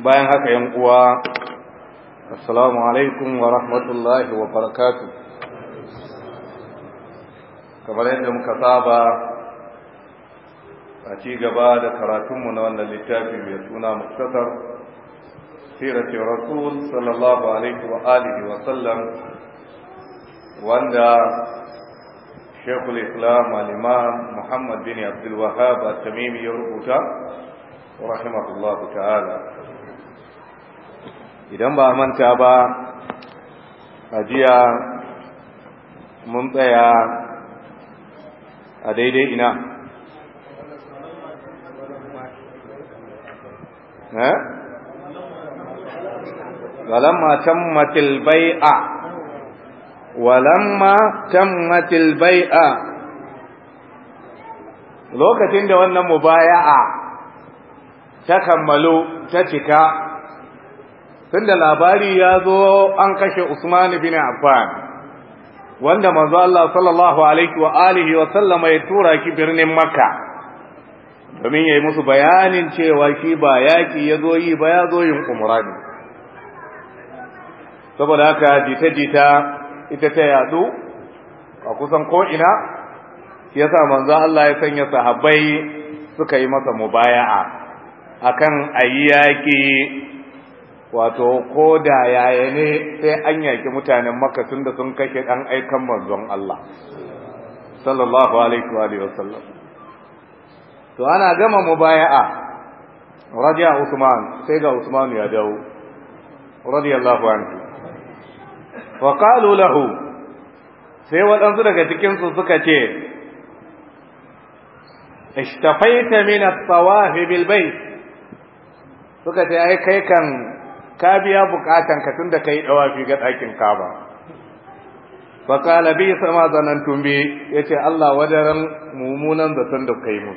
bayan haka yan uwa assalamu alaikum wa rahmatullahi wa barakatu kamar yadda muka saba a ci gaba da karatunmu na wannan littafi mai suna muktasar sirati rasul sallallahu alaihi wa alihi wa sallam wanda shekul islam al-imam muhammad bin abdul wahhab at-tamimi ya rubuta rahimahullahu ta'ala idan ba manta ba a jiya mun tsaya a daidai ina eh? walamma tammatil bai'a walamma tammatil bai'a lokacin da wannan mubaya'a ta kammalo ta cika tunda labari ya zo an kashe Usman bin Affan wanda manzo Allah sallallahu alaihi wa alihi wa sallama ya tura ki birnin Makka domin yayi musu bayanin cewa shi ba yaki ya zo yi ba ya zo yin umra saboda haka jita-jita ita ta yadu a kusan ko ina shi yasa manzo Allah ya sanya sahabbai suka yi masa mubaya'a akan ayyaki wato ko da yaya ne sai an yaki mutanen makka tun da sun kashe dan aikan manzon Allah sallallahu alaihi wa alihi wasallam to ana gama mubaya'a radiya Usman sai ga Usman ya dawo radiyallahu anhu wa qalu lahu sai waɗansu daga cikin su suka ce ishtafaita min at-tawaf bil bayt suka ce ai kai kan ka biya bukatan ka tunda kai dawafi ga ɗakin kaba fa kala bi sama zanantum bi yace Allah wadaran mumunan zaton da kai mu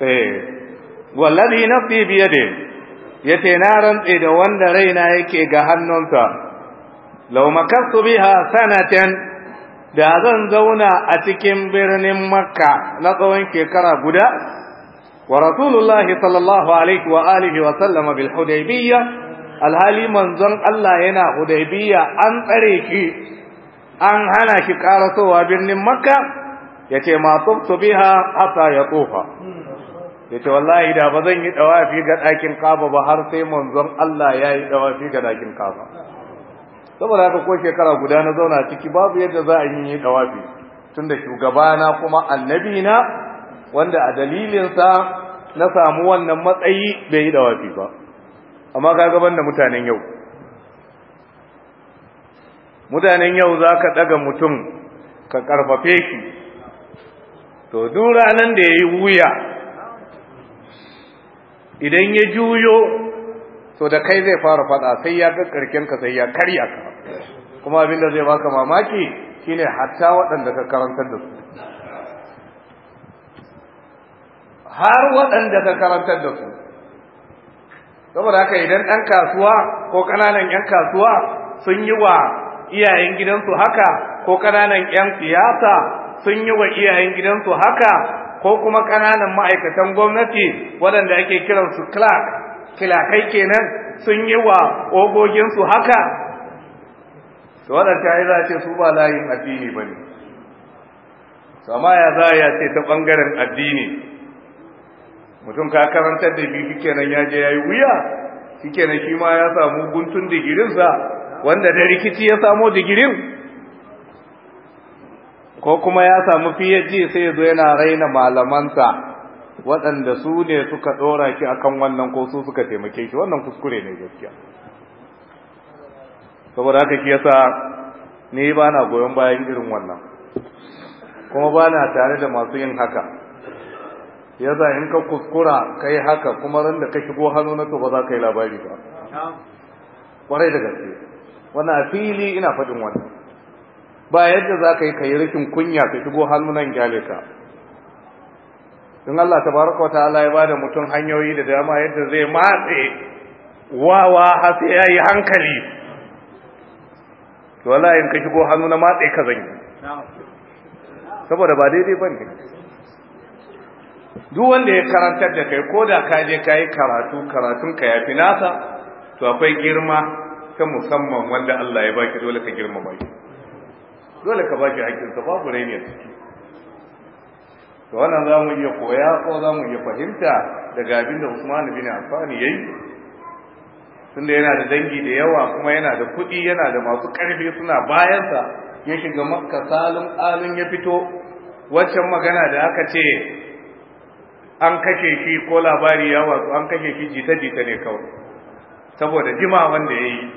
eh wallazi nafsi bi ya yace na rantse da wanda raina yake ga hannunsa law makastu biha sanatan da zan zauna a cikin birnin makka na tsawon shekara guda ورسول الله صلى الله عليه وآله وسلم بالحديبية الهالي منزن الله هنا حديبية أن تريكي أن هنا شكارة وابن مكة يتي ما طبت بها حتى يطوفها yace wallahi da ba zan yi dawafi ga ɗakin kaba ba har sai manzon Allah ya yi dawafi ga ɗakin kaba saboda haka ko shekara guda na zauna ciki babu yadda za a yi dawafi tunda shugabana kuma annabi na wanda a dalilinsa na samu wannan matsayi bai yi dawafi ba amma ka gaban da mutanen yau mutanen yau za ka ɗaga mutum ka ƙarfafe ki to duk ranar da ya yi wuya idan ya juyo to da kai zai fara faɗa sai ya ga ka sai ya karya ka kuma abin da zai baka mamaki shine hatta waɗanda ka karantar da su har waɗanda ka karantar da su saboda haka idan ɗan kasuwa ko ƙananan 'yan kasuwa sun yi wa iyayen gidansu haka ko ƙananan 'yan siyasa sun yi wa iyayen gidansu haka ko kuma ƙananan ma'aikatan gwamnati waɗanda ake kiransu clark kilakai kenan sun yi wa ogoginsu haka su waɗanda ya za su ba layin addini ba ne sama ya za a ce ta ɓangaren addini mutum ka karantar da shi shikenan ya je yayi wuya shikenan shi ma ya samu guntun digirin sa wanda da rikici ya samu digirin ko kuma ya samu PhD sai ya zo yana raina malamansa waɗanda su ne suka ɗora shi akan wannan ko su suka taimake shi wannan kuskure ne gaskiya saboda haka shi yasa ni ba na goyon bayan irin wannan kuma ba na tare da masu yin haka za in ka kuskura ka yi haka kuma ran da ka shigo hannu na to ba za ka yi labari ba kwarai da gaske wannan fili ina faɗin wani. ba yadda za ka yi ka yi rikin kunya ka shigo hannu nan gyale ka in Allah tabaraka wa ta'ala ya bada mutum hanyoyi da dama yadda zai matse wawa har sai ya yi hankali wala in ka shigo hannu na matse ka zanyi saboda ba daidai ba ne. duk wanda ya karantar da kai ko da ka je ka yi karatu karatun ka ya fi nasa to akwai girma ta musamman wanda Allah ya baki dole ka girmama shi dole ka baki hakkinsa babu raini ne to wannan za mu iya koya ko za mu iya fahimta daga abin da Usman bin Affan yayi yi tunda yana da dangi da yawa kuma yana da kuɗi yana da masu ƙarfi suna bayansa ya shiga makka salun alin ya fito waccan magana da aka ce an kashe shi ko labari ya watsu an kashe shi jita-jita ne kawai saboda jima wanda ya yi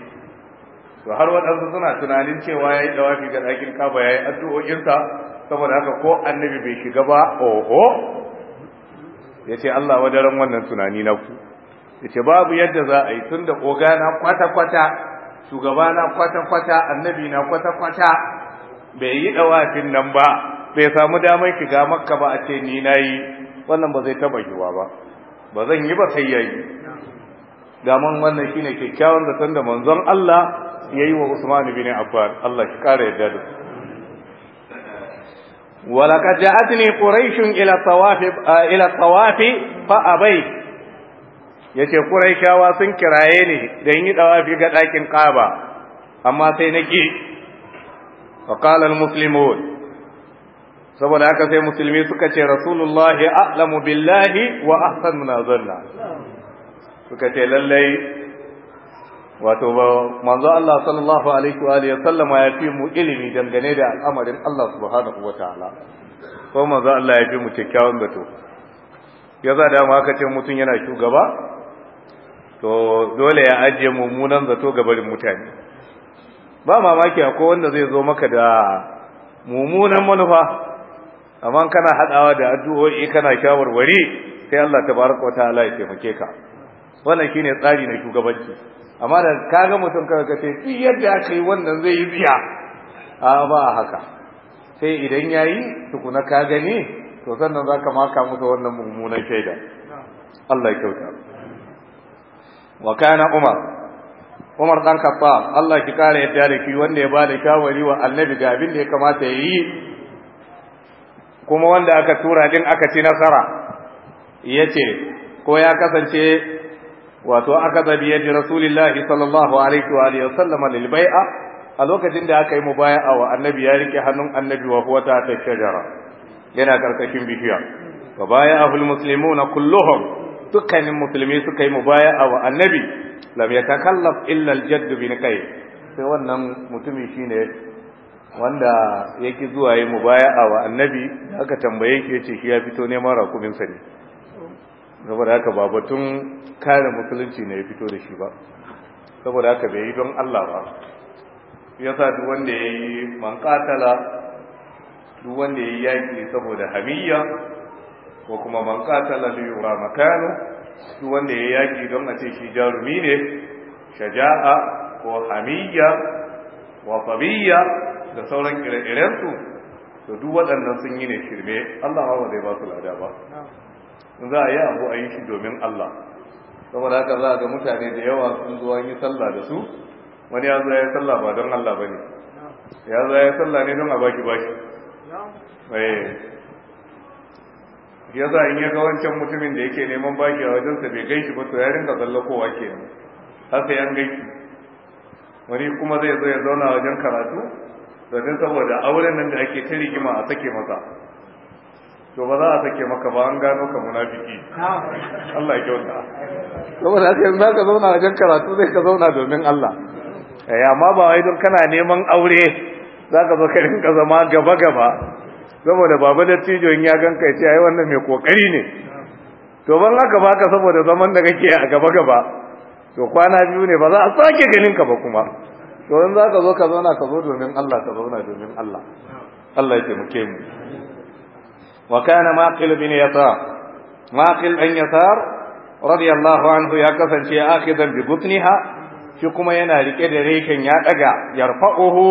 to har waɗansu suna tunanin cewa ya yi dawafi ga ɗakin kaba ya yi addu'o'insa saboda haka ko annabi bai shiga ba oho ya ce Allah wadaran wannan tunani na ku ya ce babu yadda za a yi tun da na kwata-kwata na kwata-kwata annabi na kwata-kwata bai yi dawafin nan ba bai samu damar shiga makka ba a ce ni na yi wannan ba zai taba yiwa ba ba zan yi ba sai yayi daman wannan shine kyakkyawan zaton da manzon Allah yayi wa Usman bin Affan Allah ki kare yadda da ja'atni quraish ila tawaf eh, ila tawaf fa abai yace quraishawa sun kiraye ni dan yi dawafi ga dakin Kaaba amma sai nake wa qala al-muslimun saboda haka sai musulmi suka ce rasulullahi a'lamu billahi wa ahsanu nazalla suka ce lallai wato manzo Allah sallallahu alaihi wa alihi sallama ya fi mu ilimi dangane da al'amarin Allah subhanahu wa ta'ala ko manzo Allah ya fi mu kyakkyawan zato ya za da maka ce mutum yana shugaba to dole ya ajiye mummunan zato ga barin mutane ba mamaki akwai wanda zai zo maka da mummunan manufa amma kana hadawa da addu'o'i kana shawarwari sai Allah tabaraka wa ta'ala ya taimake ka wannan shine tsari na shugabanci amma da kaga mutum kaga ka ce yadda aka yi wannan zai yi biya a ba haka sai idan yayi tukuna ka gani to sannan zaka maka musu wannan mummunan shaida Allah ya kyauta wa kana Umar Umar dan Khattab Allah ki kare yadda da ki, wanda ya bada shawari wa Annabi ga abin da ya kamata ya yi kuma wanda aka tura din aka ci nasara ya ce, ko ya kasance wato aka zabi yadda rasulullahi sallallahu alaihi wa alihi wasallama lil bai'a a lokacin da aka yi mubaya'a wa annabi ya rike hannun annabi wa huwa ta shajara yana karkashin bishiya baya baya'ahu na kulluhum dukkanin musulmi suka yi mubaya'a wa annabi lam yatakallaf illa aljadd bin kai sai wannan mutumi shine wanda yake zuwa yi a wa annabi aka tambaye ke ce shi ya fito neman mara sa ne saboda haka ba batun kare musulunci ne ya fito da shi ba saboda haka bai yi don Allah ba Ya sa duk wanda ya yi mankatala duk wanda ya yi yaƙi saboda hamiyya ko kuma mankatala da yura makano duk wanda ya yi yaƙi don a ce shi jarumi ne shaja'a ko hamiyya wa fabiyya da sauran ire-irensu da duk waɗannan sun yi ne shirme Allah ma ba zai ba su lada ba za a yi abu a yi shi domin Allah saboda haka za a ga mutane da yawa sun zuwa yi sallah da su wani ya zo ya yi sallah ba don Allah ba ne ya zo ya yi sallah ne don a baki baki eh. ya za in yi ga wancan mutumin da yake neman baki a wajensa bai gaishi ba to ya rinka tsallakowa ke har sai an gaishi wani kuma zai zo ya zauna wajen karatu domin saboda auren nan da ake ta rigima a sake masa to ba za a sake maka ba an gano ka munafiki Allah ya kyauta saboda in yanzu ka zauna wajen karatu zai ka zauna domin Allah eh amma ba wai don kana neman aure zaka zo ka rinka zama gaba gaba saboda baba da in ya ganka ya ce ai wannan mai kokari ne to ban haka baka saboda zaman da kake a gaba gaba to kwana biyu ne ba za a sake ganin ka ba kuma to in za ka zo ka zauna ka zo domin Allah ka zauna domin Allah Allah ya taimake mu wa kana maqil bin yasar maqil an yasar radiyallahu anhu ya kasance akhidan bi butniha shi kuma yana rike da rekan ya daga yarfa'uhu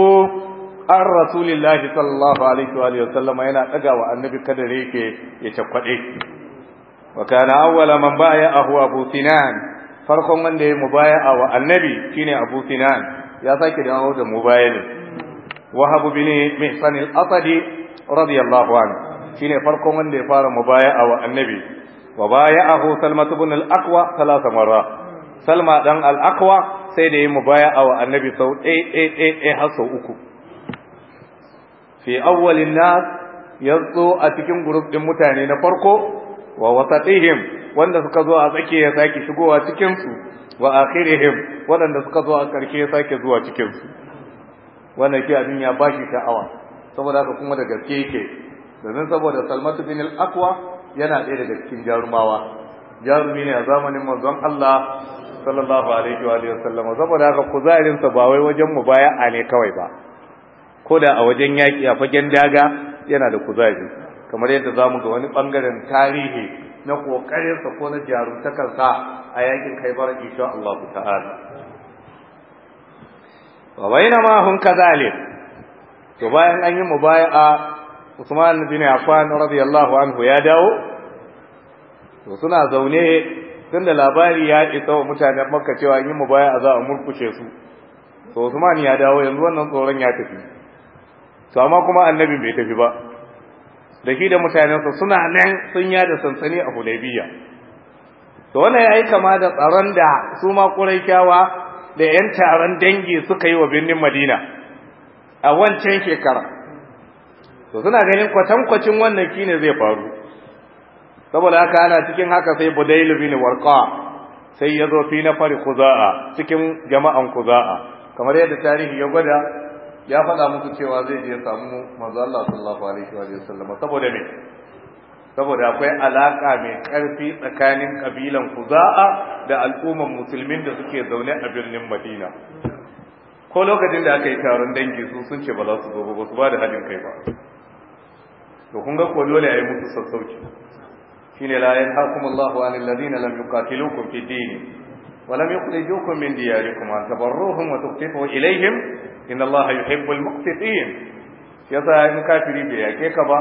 an rasulillahi sallallahu alaihi wa sallama yana daga wa annabi kada reke ya cakwade wa kana awwala man baya ahu abu sinan farkon wanda ya mubaya'a wa annabi shine abu sinan ya sake dawo da mu baya ne wahab bin mihsan al-asadi radiyallahu anhu shine farkon wanda ya fara mubaya'a wa annabi wa baya'ahu salma ibn al-aqwa thalatha marra salma dan al-aqwa sai da ya mubaya'a wa annabi sau ɗaya har sau uku fi awwalin nas yazo a cikin group din mutane na farko wa wasatihim wanda suka zo a tsake ya sake shigowa cikinsu, su wa akhirihim wanda suka zo a karshe ya sake zuwa cikinsu. su wannan ke abin ya bashi sha'awa saboda haka kuma da gaske yake domin saboda Salmatu bin al-Aqwa yana ɗaya daga cikin jarumawa jarumi ne a zamanin manzon Allah sallallahu alaihi wa alihi wasallam saboda haka kuzarin sa ba wai wajen mu baya a ne kawai ba Ko da a wajen yaki a fagen daga yana da kuzari kamar yadda zamu ga wani bangaren tarihi na ƙoƙarinsa ko na jarumtakarsa a yakin kaibar insha Allah ta'ala wa ma hum kadhalik to bayan an yi mubaya'a Usman bin Affan radiyallahu anhu ya dawo to suna zaune tunda labari ya isa wa mutanen Makka cewa an yi mubaya'a za a murkushe su to Usman ya dawo yanzu wannan tsoron ya tafi to amma kuma annabi bai tafi ba da shi da mutanensa suna nan sun yada sansani a hudaybiya to wannan yi kama da tsaron da su ma quraishawa da yan taron dangi suka yi wa birnin madina a wancan shekara to suna ganin kwatankwacin wannan kine zai faru saboda haka ana cikin haka sai budailu bin warqa sai ya zo fi na fari kuza'a cikin jama'an kuza'a kamar yadda tarihi ya gwada ya faɗa muku cewa zai je samu manzo Allah sallallahu alaihi wa sallam saboda me saboda akwai alaka mai karfi tsakanin kabilan Kuza'a da al'umman musulmin da suke zaune a birnin Madina ko lokacin da aka yi taron dangi su sun ce ba za su zo ba su ba da hadin kai ba to kun ga ko dole ayi musu sassauci shine la yanhaakum Allahu 'anil ladina lam yuqatilukum fi din wa lam yukhrijukum min diyarikum an tabarruhum wa tuqtifu ilayhim inna allaha yuhibbul muqsitin yasa in kafiri bai yake ka ba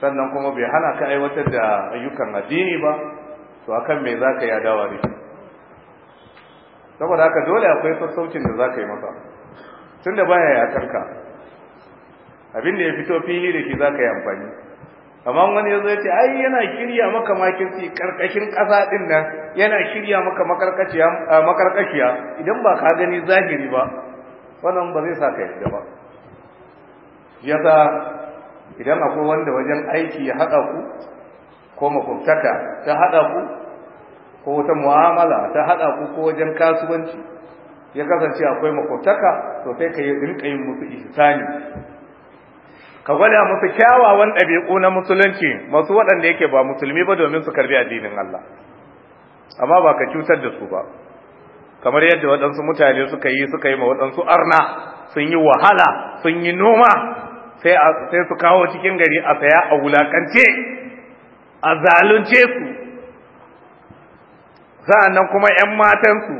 sannan kuma bai hana ka aiwatar da ayyukan addini ba to akan me zaka yi adawa ne saboda haka dole akwai sassaucin da zaka yi masa tunda baya ya ka abin da ya fito fili da shi zaka yi amfani amma wani yazo ya ce ai yana kirya maka makirci karkashin kasa din nan yana kirya maka makarkaciya makarkashiya idan ba ka gani zahiri ba wannan ba zai sa ka yadda ba yasa idan akwai wanda wajen aiki ya haɗa ku ko makwabtaka ta haɗa ku ko wata mu'amala ta haɗa ku ko wajen kasuwanci ya kasance akwai makwabtaka to sai ka yi rinka yin musu ihsani ka gwada musu kyawawan ɗabi'u na musulunci masu waɗanda yake ba musulmi ba domin su karbi addinin Allah amma ba ka cutar da su ba kamar yadda waɗansu mutane suka yi suka yi ma waɗansu arna sun yi wahala sun yi noma sai su kawo cikin gari a saya a wulakance a zalunce su sa'annan kuma 'yan matansu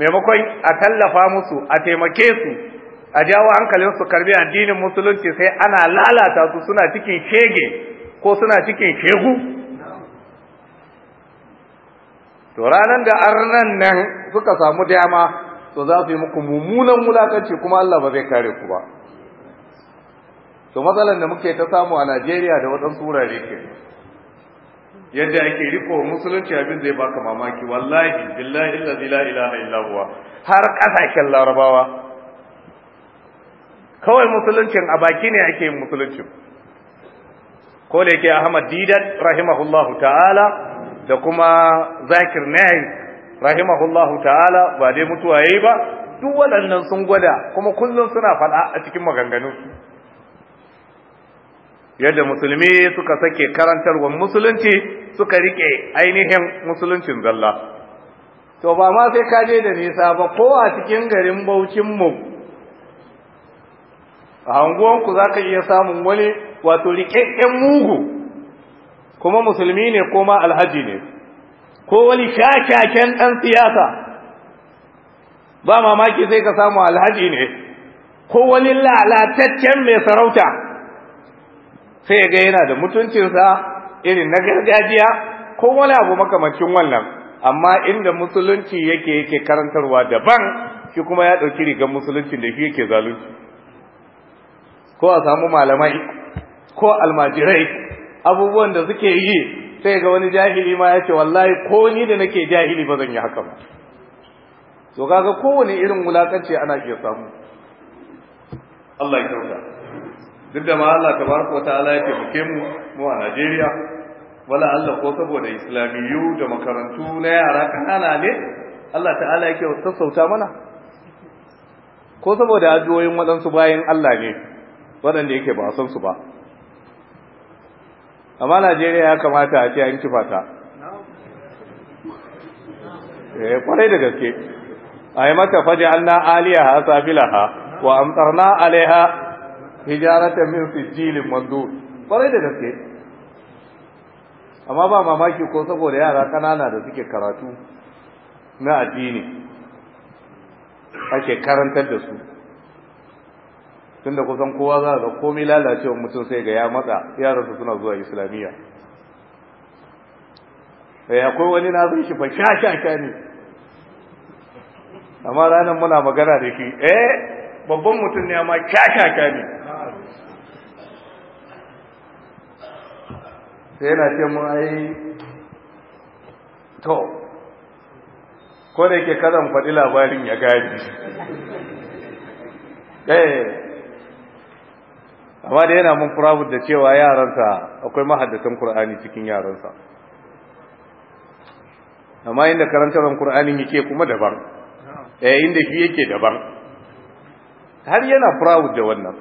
maimakon a tallafa musu a taimake su a jawo hankalin su karbi addinin musulunci sai ana lalata su suna cikin shege ko suna cikin shegu to ranar da arnan nan suka samu dama to za su yi muku mummunan wulakanci kuma Allah ba zai kare ku ba to matsalan da muke ta samu a Najeriya da waɗansu wurare ke yadda ake riko musulunci abin zai baka mamaki wallahi billahi allazi la ilaha illa huwa har kasashen larabawa kawai musuluncin a baki ne ake yin musuluncin ko da Ahmad Didat rahimahullahu ta'ala da kuma zakir Na'i rahimahullahu ta'ala ba dai mutuwa yayi ba duk waɗannan sun gwada kuma kullum suna faɗa a cikin maganganu yadda musulmi suka sake karantarwa musulunci suka rike ainihin musuluncin zalla to ba ma sai ka je da nisa ba ko a cikin garin mu a hanguwanku za iya samun wani wato rikakken mugu kuma musulmi ne ko alhaji ne ko wani shakaken ɗan siyasa ba mamaki sai ka samu alhaji ne ko wani lalataccen mai sarauta sai ga yana da mutuncinsa irin na gargajiya ko wani abu makamancin wannan amma inda musulunci yake yake karantarwa daban shi kuma ya ɗauki rigar musulunci da shi yake zalunci ko a samu malamai ko almajirai abubuwan da suke yi sai ga wani jahili ma ya ce wallahi ko ni da nake jahili ba zan yi haka ba to kaga kowane irin wulakanci ana iya samu Allah ya kyauta duk da ma Allah tabaraka wa ta'ala ya taimake mu mu a Najeriya wala Allah ko saboda islamiyu da makarantu na yara kanana ne Allah ta'ala yake sassauta mana ko saboda ajoyin waɗansu bayan Allah ne waɗanda yake ba san su ba amma najeriya ya kamata a ce an kifa ta eh, kwarai da gaske a mata faji an na aliyaha wa amtarna alaiha hijaratan min sijilin mandu kwarai da gaske amma ba mamaki ko saboda yara kanana da suke karatu na addini ake karantar da su tunda kusan kowa za ga komai lalacewa mutum sai ga ya matsa yaransa suna zuwa islamiyya eh akwai wani na zai shi fa sha sha ne amma ranar muna magana da shi eh babban mutum ne amma sha sha ne sai yana ce mu ai to ko da yake kazan faɗi labarin ya gaji. eh amma da yana mun furabut da cewa yaransa akwai mahaddatan Kur'ani cikin yaransa amma inda karantaran Kur'anin yake kuma daban eh inda shi yake daban har yana proud da wannan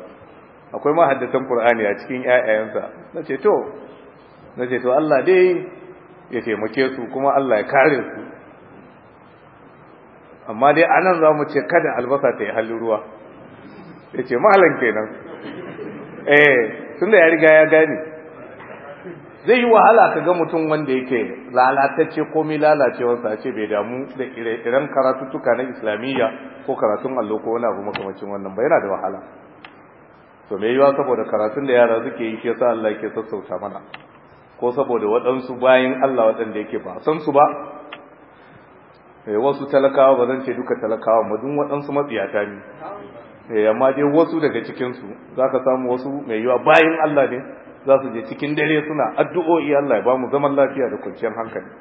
akwai mahaddatan Kur'ani a cikin ƴaƴayansa nace to nace to Allah dai ya taimake su kuma Allah ya kare su amma dai anan za mu ce kada albasa ta yi halin ruwa ya ce mahalan kenan eh da ya riga ya gane zai yi wahala ka ga mutum wanda yake lalatacce komai lalacewarsa ce bai damu da ire-iren karatuttuka na islamiyya ko karatun allo ko wani abu makamacin wannan ba yana da wahala to me yiwa saboda karatun da yara suke yi ke sa Allah ke sassauta mana ko saboda waɗansu bayan Allah waɗanda yake ba san su ba eh, wasu talakawa ba zan ce duka talakawa ba duk waɗansu matsiyata ne Eh, amma dai wasu daga cikin su ka samu wasu mai yiwa bayan Allah ne za su je cikin dare suna addu'o'i Allah ya ba mu zaman lafiya da kwanciyar hankali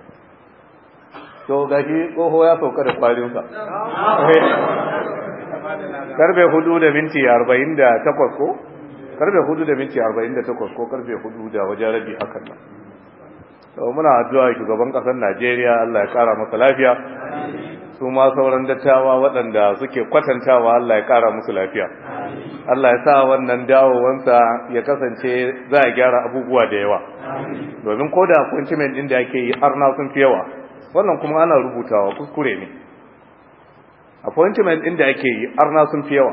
to gashi tsoho ya sauka da kwalinsa eh, karfe hudu da minti arba'in da takwas ko karfe hudu da minti arba'in da takwas ko karfe hudu da wajen rabi hakan nan to muna addu'a shugaban kasar Najeriya Allah ya kara masa lafiya su ma sauran dattawa waɗanda suke kwatantawa Allah ya ƙara musu lafiya Allah ya sa wannan dawowansa ya kasance za a gyara abubuwa da yawa domin ko da appointment ɗin da ake yi arna sun fi yawa wannan kuma ana rubutawa kuskure ne appointment ɗin da ake yi arna sun fi yawa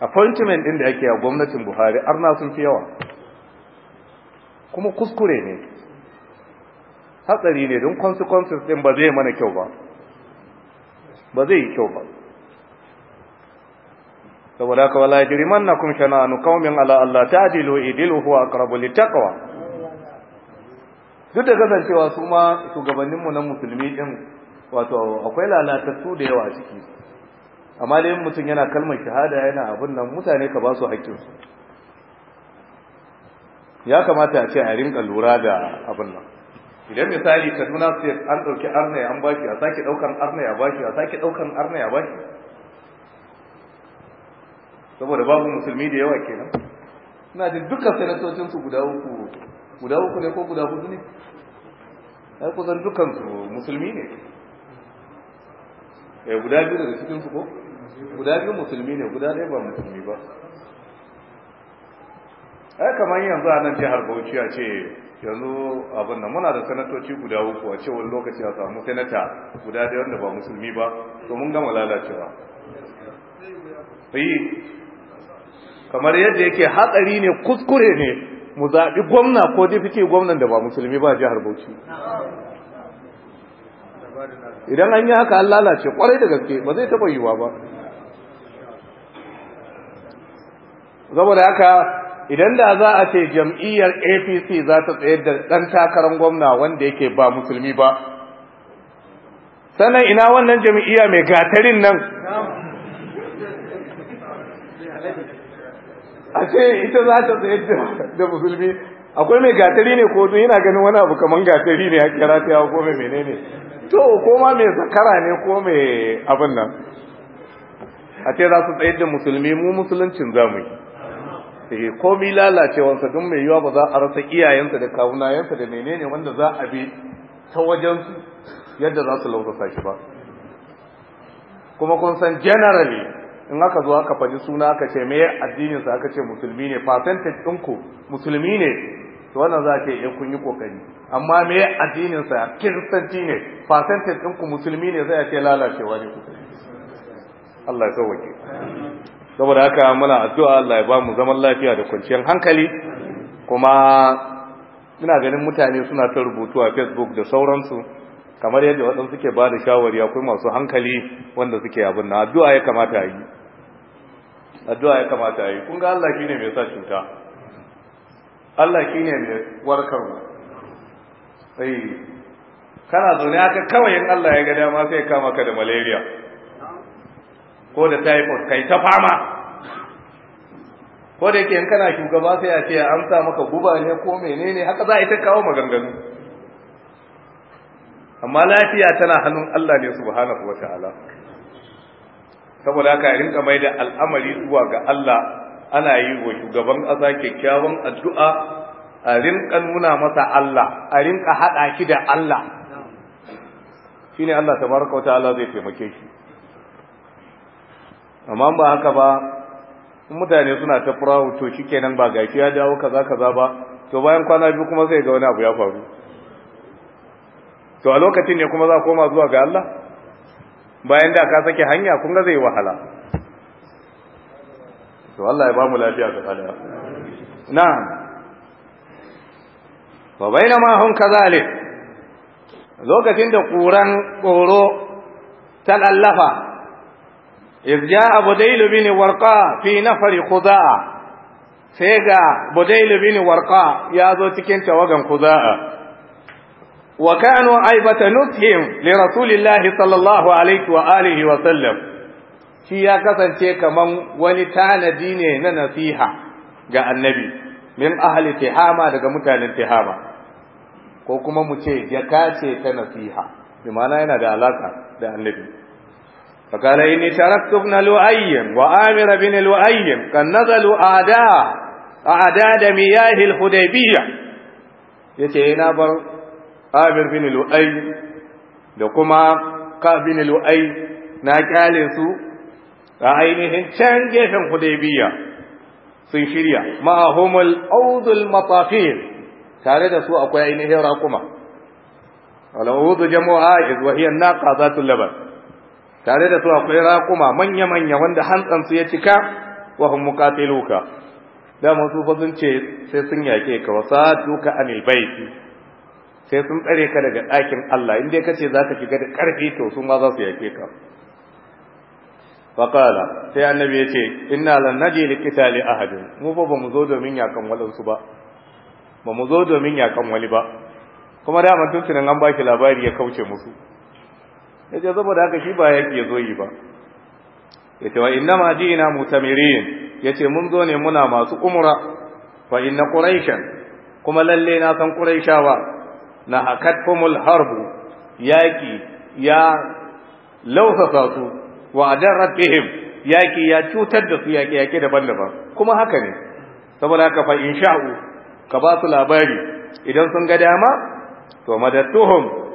appointment ɗin da ake yi a gwamnatin Buhari arna sun fi yawa kuma kuskure ne hatsari ne don consequences din ba zai mana kyau ba ba zai yi kyau ba saboda haka wala shana shana'anu kaumin ala ta ta'dilu idilu huwa aqrabu taqwa duk da kasancewa su ma shugabanninmu na musulmi din wato akwai lalatattu da yawa a ciki amma dai mutum yana kalmar shahada yana abin nan mutane ka ba su haƙƙinsu ya kamata a ce a rinka lura da abin nan idan misali kaduna sai an ɗauki arna ya an bashi a sake ɗaukan arna ya bashi a sake ɗaukan arna ya bashi saboda babu musulmi da yawa kenan ina jin dukkan sanatocin su guda uku guda uku ne ko guda hudu ne ai kusan dukkan su musulmi ne eh guda biyu da cikin su ko guda biyu musulmi ne guda ɗaya ba musulmi ba ai kamar yanzu a nan jihar Bauchi a ce yanzu abin nan muna da sanatoci guda uku a cewar lokaci a samu sanata guda da wanda ba musulmi ba to mun gama lalacewa yi kamar yadda yake hatsari ne kuskure ne mu zaɓi gwamna ko fice gwamnan da ba musulmi ba jihar bauchi idan an yi haka an lalace kwarai da gaske ba zai taɓa yiwa ba saboda haka idan da za a ce jam'iyyar apc za ta tsayar da ɗan takarar gwamna wanda yake ba musulmi ba sannan ina wannan jam'iyya mai gatarin nan a ce ita za ta tsayar da musulmi akwai mai gatari ne ko to yana ganin wani abu kamar gatari ne ya kira ta ko mai menene to ko ma mai zakara ne ko mai abin nan a ce za su tsayar da musulmi mu musuluncin zamu yi eh komi lalacewansa don mai yiwa ba za a rasa iyayensa da kawunayensa da menene wanda za a bi ta wajensu yadda za su lauta shi ba kuma kun san generally in aka zo aka faɗi suna aka ce mai addinin sa aka ce musulmi ne percentage ɗinku musulmi ne to wannan za ce eh kun yi kokari amma mai addinin sa kiristanci ne percentage ɗinku musulmi ne zai a ce lalacewa ne Allah ya sauke saboda haka muna addu'a Allah ya ba mu zaman lafiya da kwanciyar hankali kuma ina ganin mutane suna ta rubutu a facebook da sauransu kamar yadda waɗansu suke ba da shawari akwai masu hankali wanda suke abin na addu'a ya kamata yi addu'a ya kamata yi kun ga Allah shine mai sa cuta Allah shine mai warkarwa eh kana zaune aka kawai in Allah ya ga dama sai kama ka da malaria ko da typhoid kai ta fama ko da yake in kana shugaba sai a ce a amsa maka guba ne ko menene haka za a ita kawo maganganu amma lafiya tana hannun Allah ne subhanahu wataala saboda haka rinka mai da al'amari zuwa ga Allah ana yi wa shugaban ƙasa kyakkyawan addu'a a rinka nuna masa Allah a rinka haɗa shi da Allah shine Allah tabaraka wataala zai taimake shi amma ba haka ba mutane suna ta furawo to shikenan ba gashi ya dawo kaza kaza ba to bayan kwana biyu kuma sai ga wani abu ya faru to a lokacin ne kuma za koma zuwa ga Allah bayan da ka sake hanya kun ga zai wahala to Allah ya ba mu lafiya ga kada na'am wa bainama hum kazalik lokacin da kuran koro ta lallafa إذ جاء بديل بن ورقاء في نفر خزاعة سيجا بديل بن ورقاء يا ذو تكين توغن خزاعة وكانوا عيبة نسهم لرسول الله صلى الله عليه وآله وسلم shi ya kasance kamar wani tanadi ne na nasiha ga annabi min ahli tihama daga mutanen tihama ko kuma mu ce jaka ce ta nasiha bi yana da alaka da annabi فقال إني تركت ابن لؤيم وآمر بن لؤيم كان نظل أعداء أعداد مياه الخديبية يتعين إيه أبر آمر بن لؤيم لقما قاب بن لؤيم ناكالسو رأينهن تنجح الخديبية سنشريا ما هم الأوض المطافير تاريد سوء أقوى إنه راقما الأوض جمعائز وهي الناقة ذات اللبن tare da su akwai raƙuma manya-manya wanda hantsansu ya cika wa hum muqatiluka da masu fa sun ce sai sun yake ka wa anil baiti sai sun tsare ka daga ɗakin Allah in dai kace zaka shiga da ƙarfi to sun ma za su yake ka faƙala sai annabi ya ce ina lan likita li ahadin mu fa ba mu zo domin yakan walansu ba ba mu zo domin yakan wani ba kuma da mutum tunan an baki labari ya kauce musu ya ce saboda haka shi ba yaƙi ya zo yi ba ya ce wa inna ma ji ina mutamirin ya mun zo ne muna masu umra fa inna quraishan kuma lalle na san quraishawa na kumul harbu yaƙi ya lausasa su wa adarrat bihim yaƙi ya cutar da su yaƙi yake daban-daban kuma haka ne saboda haka fa in sha'u ka ba su labari idan sun ga dama to madattuhum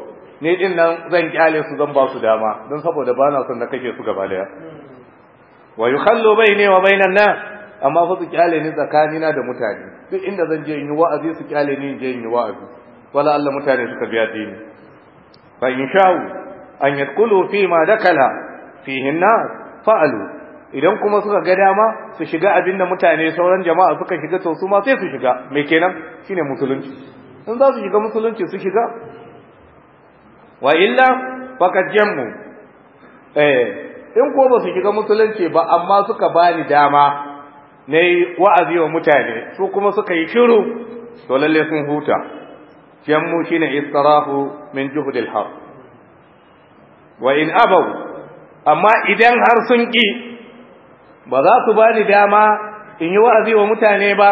ni din nan zan kyale su zan ba su dama don saboda bana son na kake su gaba daya wa yukhallu bayni wa bainan nas amma fa su kyale ni tsakanina da mutane duk inda zan je in yi wa'azi su kyale ni in je in yi wa'azi wala Allah mutane suka biya dini fa in sha'u an yadkulu fi ma dakala fihi an-nas fa'alu idan kuma suka ga dama su shiga abin da mutane sauran jama'a suka shiga to su ma sai su shiga me kenan shine musulunci in za su shiga musulunci su shiga wa illa faqad jammu eh in ko ba su shiga musulunci ba amma suka bani dama nayi wa'azi wa mutane su kuma suka yi shiru to lalle sun huta jammu shine istirahu min juhdil har wa in abaw amma idan har sun ki ba za su bani dama in yi wa'azi wa mutane ba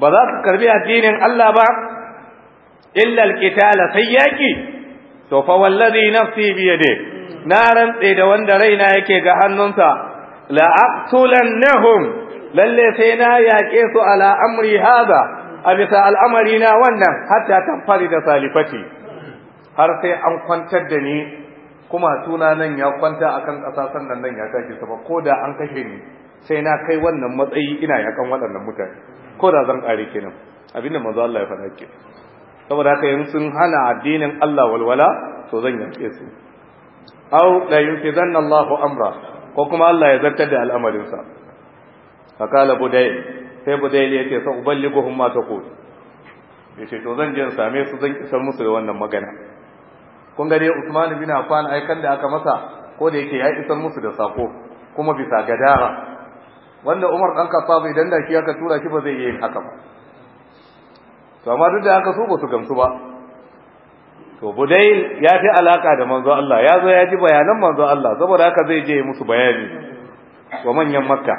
ba za su karbi addinin Allah ba illa alqitala sai yaƙi. to fa wallazi nafsi bi yade na rantse da wanda raina yake ga hannunsa la aqtulannahum lalle sai na yaƙe su ala amri hada a bisa al'amari na wannan hatta tamfari da salifati har sai an kwantar da ni kuma tuna nan ya kwanta akan ƙasa sannan nan ya tashi saba ko da an kashe ni sai na kai wannan matsayi ina yakan waɗannan mutane ko da zan ƙare kenan abinda manzo Allah ya faɗa kenan saboda haka yin sun hana addinin Allah walwala to zan yanke su aw la yunfizanna Allahu amra ko kuma Allah ya zartar da al'amarin sa kala budai sai budayl yace sa uballighuhum ma taqul yace to zan je same su zan isar musu da wannan magana kun ga dai Usman bin Affan ai kan da aka masa ko da yake ya isar musu da sako kuma bisa gadara wanda Umar dan Khattab idan da shi aka tura shi ba zai yi haka ba to amma duk da haka su ba su gamsu ba to budai ya fi alaka da manzo Allah ya zo ya ji bayanan manzo Allah saboda haka zai je musu bayani wa manyan makka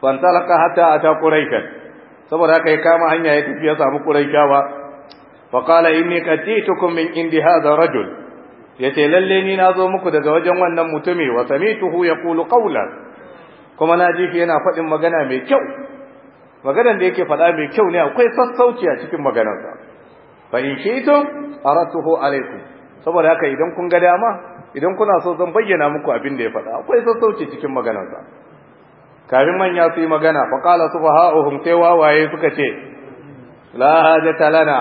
talaka hatta ata quraishan saboda haka ya kama hanya ya tafi ya samu quraishawa fa qala inni qatitukum min indi hadha rajul yace lalle ni nazo muku daga wajen wannan mutumi wa samituhu yaqulu qawlan kuma na ji yana faɗin magana mai kyau maganar da yake faɗa mai kyau ne akwai sassauci a cikin maganarsa fa in shi'tum aratuhu alaikum saboda haka idan kun ga dama idan kuna so zan bayyana muku abin da ya faɗa akwai sassauci cikin maganarsa kafin manya su yi magana fa qala subha'uhum sai wawaye suka ce la hajata lana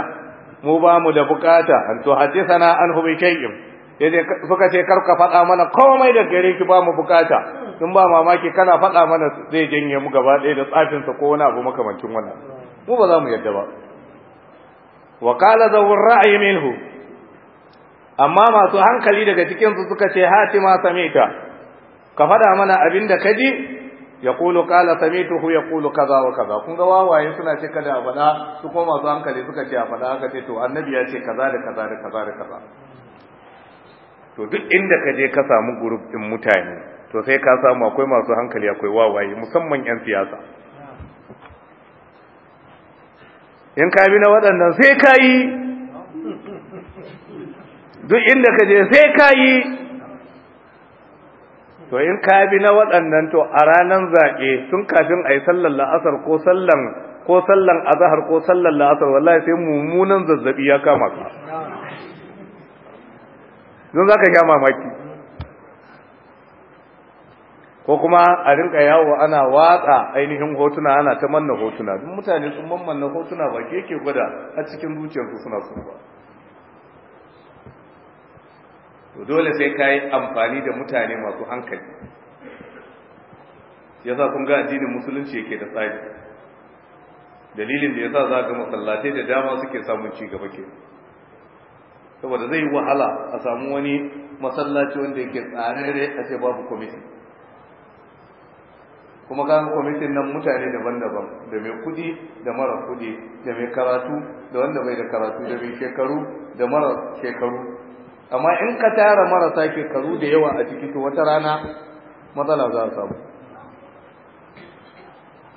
mu ba mu da bukata an to hadisana an hubi kayyim yadda suka ce kar ka faɗa mana komai da gare ki ba mu bukata in ba mamaki kana faɗa mana zai janye mu gaba ɗaya da tsafin sa ko wani abu makamancin wannan mu ba za mu yadda ba wa qala zawur ra'yi minhu amma masu hankali daga cikin su suka ce hatima samita ka faɗa mana abin da kaji yaqulu qala ya kulu kaza wa kaza kun ga wawaye suna ce kada a faɗa su kuma masu hankali suka ce a faɗa haka ce to annabi ya ce kaza da kaza da kaza da kaza to duk inda ka je ka samu group din mutane to sai ka samu akwai masu hankali akwai wawaye musamman yan siyasa in ka bi na waɗannan sai ka yi duk inda ka je sai ka yi to in ka bi na waɗannan to a ranar zaɓe sun kafin a yi sallar la'asar ko sallan ko sallan azahar ko sallan la'asar wallahi sai mummunan zazzabi ya kama ka don za ka sha mamaki ko kuma a rinka yawo ana watsa ainihin hotuna ana ta manna hotuna duk mutane sun manna hotuna ba ke ke gwada a cikin zuciyarsu suna so ba to dole sai ka yi amfani da mutane masu hankali Ya sa kun ga addinin musulunci yake da tsari dalilin da yasa za ga masallatai da dama suke samun ci gaba ke. saboda zai wahala a samu wani masallaci wanda yake tsarere a ce babu kwamiti kuma kama kwamitin nan mutane daban-daban da mai kudi da mara kudi da mai karatu da wanda bai da karatu da mai shekaru da mara shekaru amma in ka tara marasa shekaru da yawa a ciki to wata rana matsala za a samu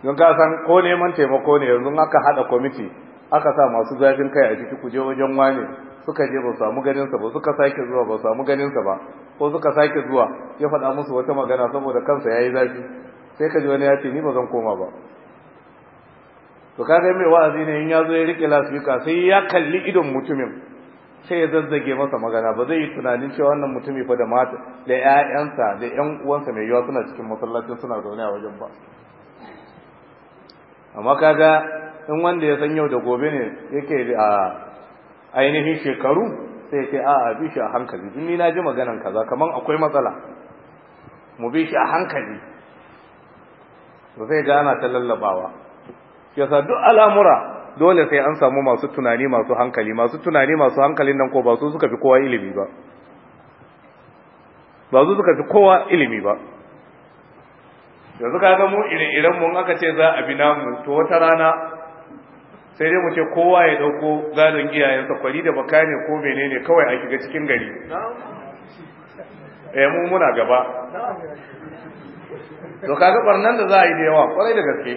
don ka san ko neman taimako ne yanzu aka hada kwamiti aka sa masu zafin kai a ciki ku je wajen wane suka je ba samu ganinsa ba suka sake zuwa ba samu ganinsa ba ko suka sake zuwa ya faɗa musu wata magana saboda kansa ya yi zafi sai ka ji wani ya ce ni ba zan koma ba to kaga mai wa'azi ne in ya zo ya rike lasifika sai ya kalli idon mutumin sai ya zazzage masa magana ba zai yi tunanin cewa wannan mutumi fa da mata da ƴaƴansa da ƴan uwansa mai yawa suna cikin masallacin suna zaune a wajen ba amma kaga in wanda ya san yau da gobe ne yake a ainihin shekaru sai ke a a bi shi a hankali jini na ji maganan kaza kaman akwai matsala mu bi shi a hankali to sai ga ana ta lallabawa Ya sa duk al'amura dole sai an samu masu tunani masu hankali masu tunani masu hankalin nan ko ba su suka fi kowa ilimi ba ba su suka fi kowa ilimi ba yanzu ka ga mu ire-iren mun aka ce za a bi namu to wata rana sai dai mu ce kowa ya dauko gadon iyayensa kwari da baka ne ko menene kawai a shiga cikin gari eh mu muna gaba to kaga barnan da za a yi da yawa kwarai da gaske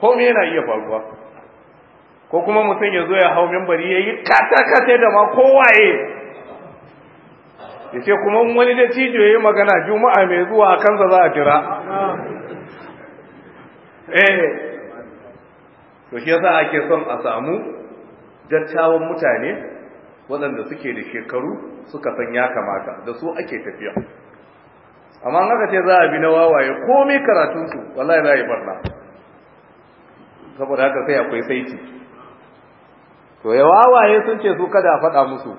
ko me yana iya faruwa ko kuma mutum ya zo ya hau membari ya yi kata-kata da ma kowa ya ce kuma wani da cijo ya yi magana juma'a mai zuwa a kansa za a jira eh to shi yasa ake son a samu dattawan mutane waɗanda suke da shekaru suka san ya kamata da su ake tafiya amma an haka ce za a bi na wawaye komai karatunsu wallahi za a yi barna saboda haka sai akwai saiti to ya wawaye sun ce su kada a faɗa musu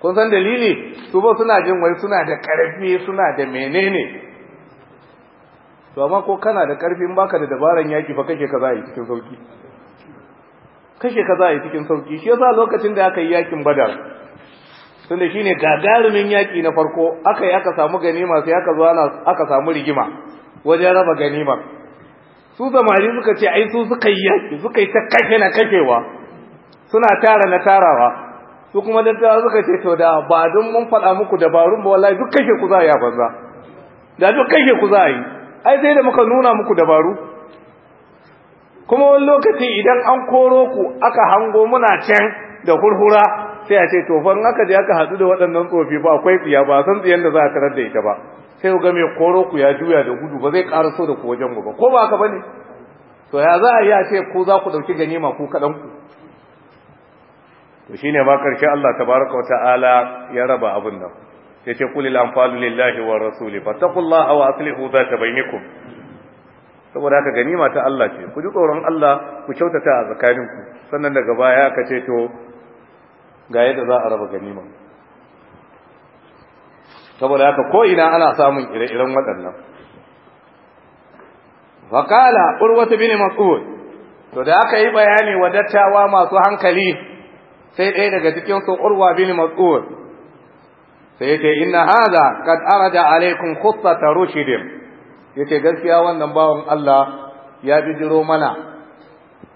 kun san dalili su ba suna jin wai suna da ƙarfi suna da menene to amma ko kana da ƙarfin baka da dabaran yaki fa kake ka za a yi cikin sauki kashe ka za a yi cikin sauki shi yasa lokacin da aka yi yakin badar tunda shine gagarumin yaki na farko aka yi aka samu ganima sai aka zo ana aka samu rigima wajen raba ganima su samari suka ce ai su suka yi yaki suka yi ta kashe na kashewa suna tara na tarawa su kuma dattawa suka ce to da ba don mun faɗa muku dabarun ba wallahi duk kashe ku za a yi banza da duk kashe ku za a yi ai sai da muka nuna muku dabaru kuma wani lokaci idan an koro ku aka hango muna can da hurhura sai a ce to aka je aka hadu da waɗannan tsofi ba akwai tsiya ba san tsiyan da za a tarar da ita ba sai ga mai koro ku ya juya da gudu ba zai ƙara so da ku wajen ba ko ba haka bane to ya za a yi a ce ku za ku ɗauki ganima ku kaɗan ku to shine ma karshe Allah tabaraka wa ta'ala ya raba abin nan ce kulil anfalu lillahi wa rasuli fattaqullaha wa aslihu bai bainakum saboda haka ganima ta Allah ce ku ji tsoron Allah ku kyautata a tsakaninku sannan daga baya ka ce to ga yadda za a raba ganima saboda haka ko ina ana samun ire-iren waɗannan faqala urwatu bini mas'ud to da aka yi bayani wa dattawa masu hankali sai ɗaya daga cikin su urwa bini mas'ud sai ce inna da kad arada alaikum khussata rushidin yace gaskiya wannan bawan Allah ya bijiro mana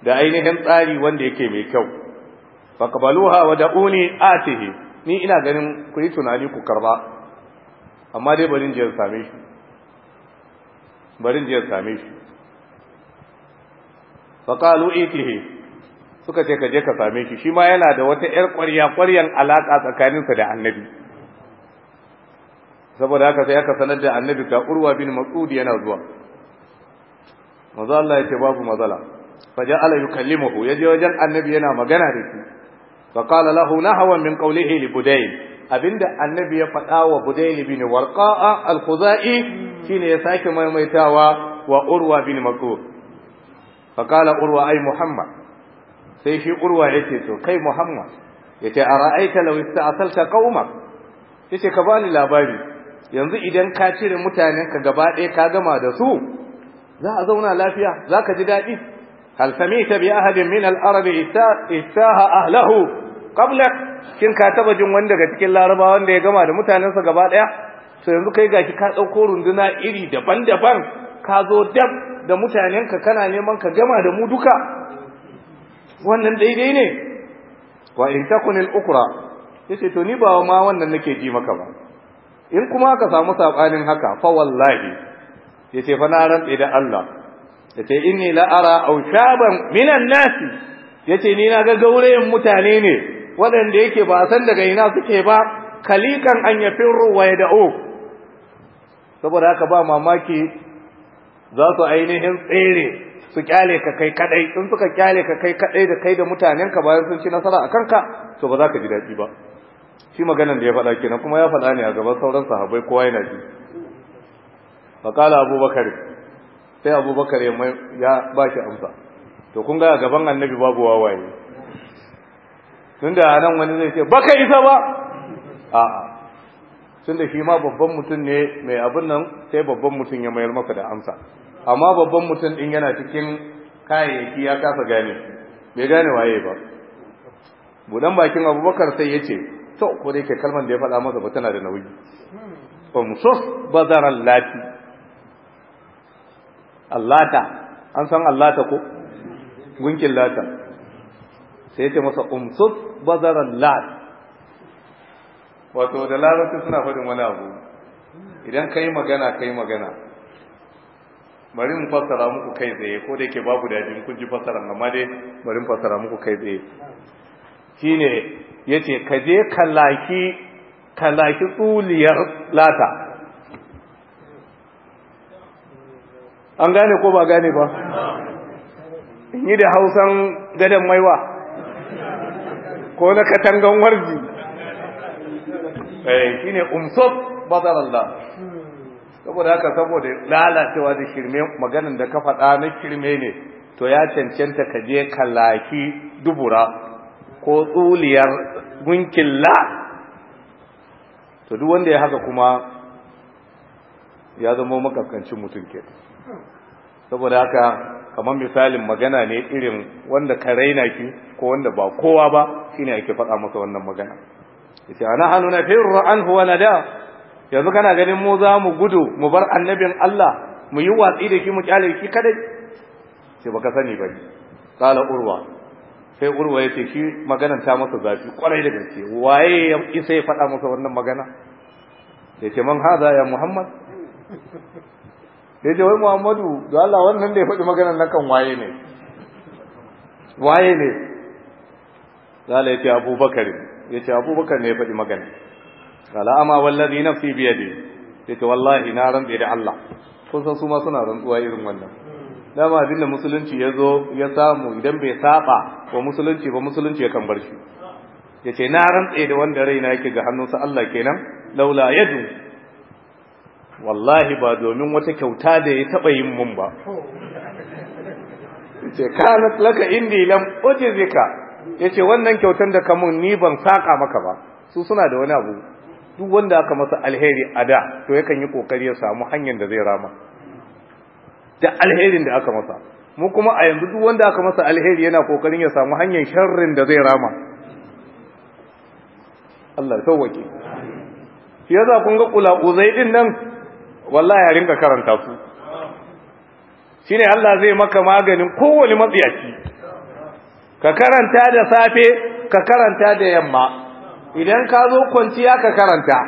da ainihin tsari wanda yake mai kyau faqbaluha wa da'uni atihi ni ina ganin ku yi tunani ku karba amma dai barin jiyar same shi barin jiyar same shi faqalu itihi suka ce ka je ka same shi shi ma yana da wata yar ƙwarya ƙwaryan alaka tsakaninsa da annabi saboda haka sai aka sanar da annabi ka urwa bin mas'ud yana zuwa maza Allah ya ce babu mazala faja ala yukallimuhu yaje wajen annabi yana magana da shi fa qala lahu nahwa min qawlihi li budayl abinda annabi ya faɗa wa budayl bin warqa'a al-khuzai shine ya sake maimaitawa wa urwa bin mas'ud fa qala urwa ai muhammad sai shi urwa yace to kai muhammad yace ara'aita law ista'salta qauma yace ka bani labari yanzu idan ka cire mutanenka gaba ɗaya ka gama da su za a zauna lafiya za ka ji daɗi hal samita bi ahadin min al-arabi ittaha ahlahu qabla kin ka taba jin wani daga cikin laraba wanda ya gama da mutanensa gaba ɗaya to yanzu kai gashi ka ɗauko runduna iri daban-daban ka zo dab da mutanenka kana neman ka gama da mu duka wannan daidai ne wa in takun al-ukra yace to ni ba ma wannan nake ji maka ba in kuma ka samu sabanin haka fa wallahi yace fa na rantsi da Allah yace inni la ara shaban minan nasi yace ni na ga gaurayen mutane ne waɗanda yake ba san daga ina suke ba kalikan an ruwa wa da'u saboda haka ba mamaki za su ainihin tsere su kyale ka kai kadai in suka kyale ka kai kadai da kai da mutanenka bayan sun ci nasara a kanka to ba za ka ji daɗi ba shi maganan da ya faɗa kenan kuma ya faɗa ne a gaban sauran sahabbai kowa yana ji faƙala abubakar sai abubakar ya ba shi amsa to kun ga gaban annabi babu wawaye tun da wani zai ce baka isa ba a'a tun da shi ma babban mutum ne mai abin nan sai babban mutum ya mayar maka da amsa amma babban mutum ɗin yana cikin kayayyaki ya kasa gane bai gane waye ba budan bakin abubakar sai ya ce to ko dai ke kalman da ya faɗa masa ba tana da nauyi umsus bazaran lati allata an san allata ko gunkin lata sai ce masa umsus bazaran lati wato da larabci suna faɗin wani abu idan kai magana kai magana bari mu fassara muku kai tsaye ko da yake babu dajin kun ji fassara amma dai bari mu fassara muku kai tsaye shine yace ka je kallaki tsuliyar lata an gane ko ba gane ba in yi da hausan gadon maiwa ko na katangan warji eh shine umsot bazar Allah saboda haka saboda lalacewa da shirme maganin da ka faɗa na shirme ne to ya cancanta ka je kalaki dubura ko tsuliyar gunkin la to duk wanda ya haka kuma ya zama makaskancin mutum ke saboda haka kamar misalin magana ne irin wanda ka raina ki ko wanda ba kowa ba shine ake faɗa masa wannan magana yace ana hanu na firru anhu huwa nada yanzu kana ganin mu za mu gudu mu bar annabin Allah mu yi watsi da ki mu kyale ki kadai sai baka sani ba qala urwa sai urwa ya ce shi maganan ta masa zafi kwarai da gaske waye ya isa ya faɗa masa wannan magana ya ce man haza ya muhammad ya ce wai muhammadu da Allah wannan da ya faɗi maganan nan kan waye ne waye ne zala ya ce abubakar ya ce abubakar ne ya faɗi magana kala ama wallazi nafsi biyadi ya ce wallahi na rantse da Allah kun san su ma suna rantsuwa irin wannan dama abin da musulunci ya zo ya samu idan bai saba ba musulunci ba musulunci ya kan bar shi ya ce na rantse da wanda raina yake ga hannunsa Allah kenan laula yadu wallahi ba domin wata kyauta da ya taba yin mun ba ce kanat laka indi lam ujizika yace wannan kyautan da kamun ni ban saka maka ba su suna da wani abu duk wanda aka masa alheri a da to yakan yi kokari ya samu hanyar da zai rama da alherin da aka masa mu kuma a yanzu duk wanda aka masa alheri yana kokarin ya samu hanyar sharrin da zai rama Allah ya tawake shi yasa kun ga kula uzai din nan wallahi ya rinka karanta su shine Allah zai maka maganin kowane matsiyaci ka karanta da safe ka karanta da yamma idan ka zo kwanciya ka karanta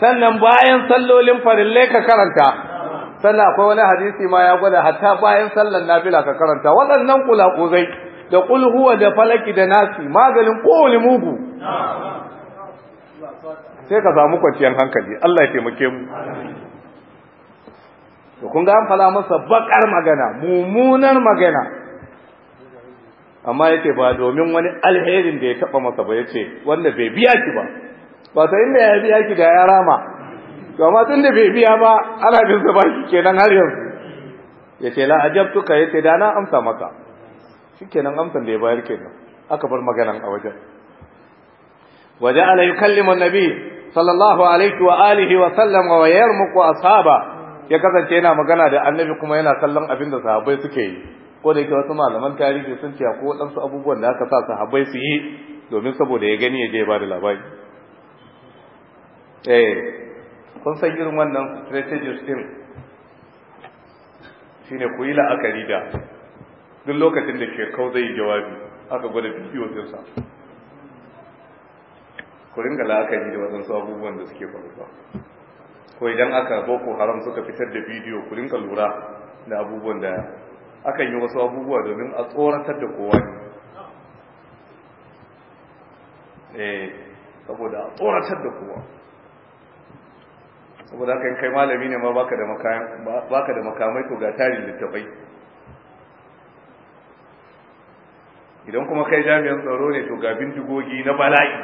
sannan bayan sallolin farillai ka karanta sannan akwai wani hadisi ma ya gwada hatta bayan sallan nafila ka karanta waɗannan kulakuzai da kul huwa da falaki da nasi maganin kowane mugu sai ka samu kwanciyar hankali Allah ya taimake mu to kun ga an fala masa bakar magana mummunar magana amma yake ba domin wani alherin da ya taba masa ba yace wanda bai biya ki ba ba ta inda ya biya ki da ya rama to amma tun da bai biya ba ana bin sa ba shi kenan har yanzu ya ce la ajabtu ka yace da na amsa maka shikenan amsan da ya bayar kenan aka bar maganan a wajen waje ala yukallimu nabi sallallahu alaihi wa alihi wa sallam wa yarmuqu ashaba ya kasance yana magana da annabi kuma yana kallon abin da sahabbai suke yi ko da yake wasu malaman tarihi sun ce ko wadansu abubuwan da aka sa sahabbai su yi domin saboda ya gani ya je ba da labari eh kun san irin wannan strategies din shine ku yi la'akari da duk lokacin da shekau zai jawabi aka gwada bidiyo dinsa ku ringa la'akari da waɗansu abubuwan da suke faruwa ko idan aka boko haram suka fitar da bidiyo ku ringa lura da abubuwan da akan yi wasu abubuwa domin a tsoratar da kowa ne eh saboda a tsoratar da kowa saboda haka kai malami ne ma baka da makayan baka da makamai to ga tarin littafai idan kuma kai jami'an tsaro ne to ga bindigogi na bala'i